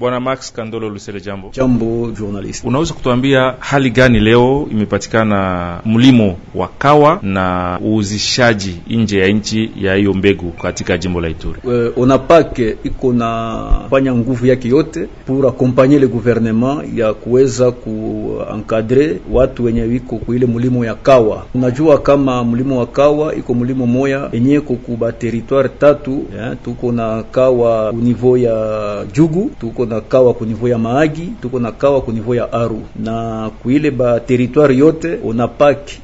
Bwana Max Kandolo Lusele, jambo. Jambo journalist. Unaweza kutuambia hali gani leo imepatikana mlimo wa kawa na uuzishaji nje ya nchi ya hiyo mbegu katika jimbo la Ituri? We, Onapake iko na fanya nguvu yake yote pour accompagner le gouvernement ya kuweza kuankadre watu wenye wiko kuile mlimo ya kawa. Unajua kama mlimo wa kawa iko mlimo moya yenye kukuba territoire tatu ya, eh, tuko na kawa univou ya Jugu tuko na kawa kunivo ya Maagi, tuko na kawa kunivo ya Aru na kuile ba territoire yote ona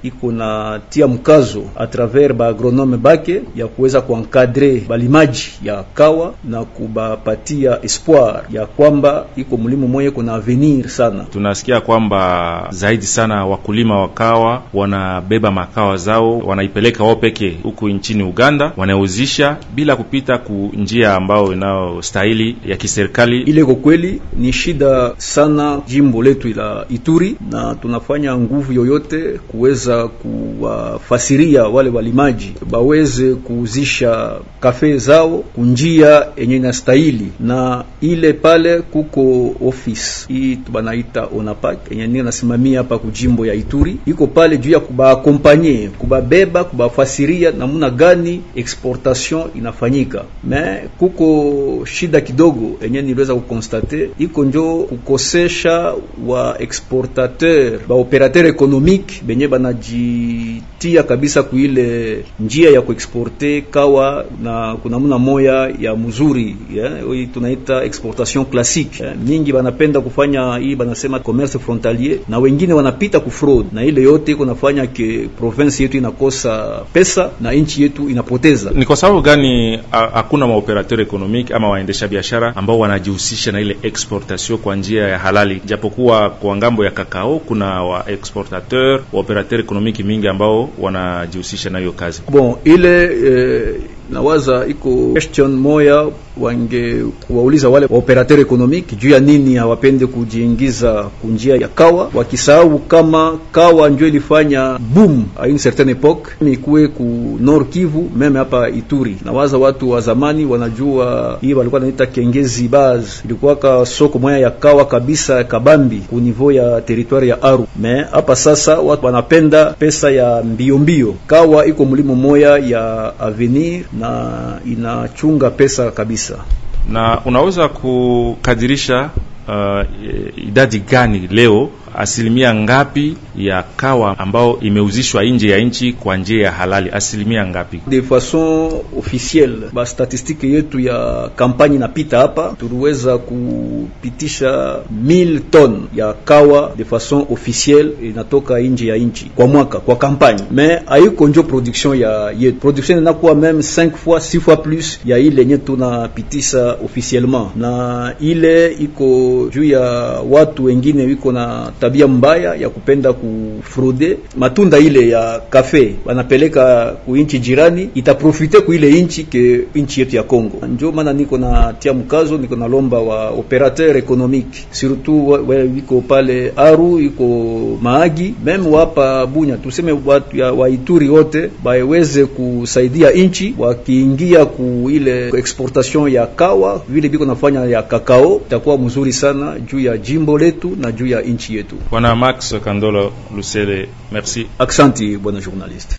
iko na tia mkazo a travers ba agronome bake ya kuweza kuankadre balimaji ya kawa na kubapatia espoir ya kwamba iko mlimo mwenye kuna avenir sana. Tunasikia kwamba zaidi sana wakulima wa kawa wanabeba makawa zao wanaipeleka wao peke huku nchini Uganda, wanauzisha bila kupita ku njia ambayo stahili ya kiserikali ile kwa kweli ni shida sana jimbo letu la Ituri, na tunafanya nguvu yoyote kuweza kuwafasiria wale walimaji baweze kuuzisha kafe zao kunjia enye inastahili, na ile pale kuko office hii tubanaita ONAPAC enye ndio nasimamia hapa kujimbo ya Ituri, iko pale juu ya kubaakompanye, kubabeba, kubafasiria namuna gani exportation inafanyika, me kuko shida kidogo enye niliweza ku konstate iko njo kukosesha wa exportateur ba operateur ekonomike benye banajitia kabisa kuile njia ya kuexporte kawa na kunamuna moya ya mzuri yeah? tunaita exportation classique yeah? mingi banapenda kufanya hii banasema commerce frontalier na wengine wanapita ku fraud, na ile yote iko nafanya ke province yetu inakosa pesa na nchi yetu inapoteza. Ni kwa sababu gani hakuna maoperateur ekonomike ama waendesha biashara ambao wanajihusisha na ile exportation kwa njia ya halali, japokuwa kwa ngambo ya kakao kuna wa exportateur wa operateur ekonomiki mingi ambao wanajihusisha na hiyo kazi bon ile eh nawaza iko question moya wange kuwauliza wale waoperateur ekonomike juu ya nini hawapende kujiingiza kunjia ya kawa, wakisahau kama kawa njo ilifanya boom a une certaine epoque, ikuwe ku Nord Kivu, meme hapa Ituri. Nawaza watu wa zamani wanajua hii, walikuwa naita kengezi baz, ilikuwaka soko moya ya kawa kabisa kabambi ku niveau ya territoire ya Aru. Me hapa sasa watu wanapenda pesa ya mbiombio mbio. Kawa iko mlimo moya ya avenir na inachunga pesa kabisa. Na unaweza kukadirisha uh, idadi gani leo, asilimia ngapi ya kawa ambao imeuzishwa nje ya nchi kwa njia ya halali asilimia ngapi? De façon officielle ba statistique yetu ya kampani napita hapa, tuliweza kupitisha 1000 ton ya kawa de façon officielle inatoka nje ya nchi kwa mwaka kwa kampani, mais haiko njo production ya yetu. Production inakuwa meme 5 fois 6 fois plus ya ile nye tunapitisha officiellement, na ile iko juu ya watu wengine wiko na tabia mbaya ya kupenda kufrude matunda ile ya kafe banapeleka inchi jirani, itaprofite kuile inchi ke inchi yetu ya Kongo. Njo maana niko na tia mkazo, niko lomba wa operateur ekonomike surtout iko pale Aru iko Maagi meme wapa Bunya, tuseme watu ya Waituri wote baweze kusaidia inchi wakiingia ku ile exportation ya kawa vile biko nafanya ya kakao, itakuwa mzuri sana juu ya jimbo letu na juu ya inchi yetu. Bwana Max Kandolo, le Lucele. Merci. Accenti, bonne journaliste.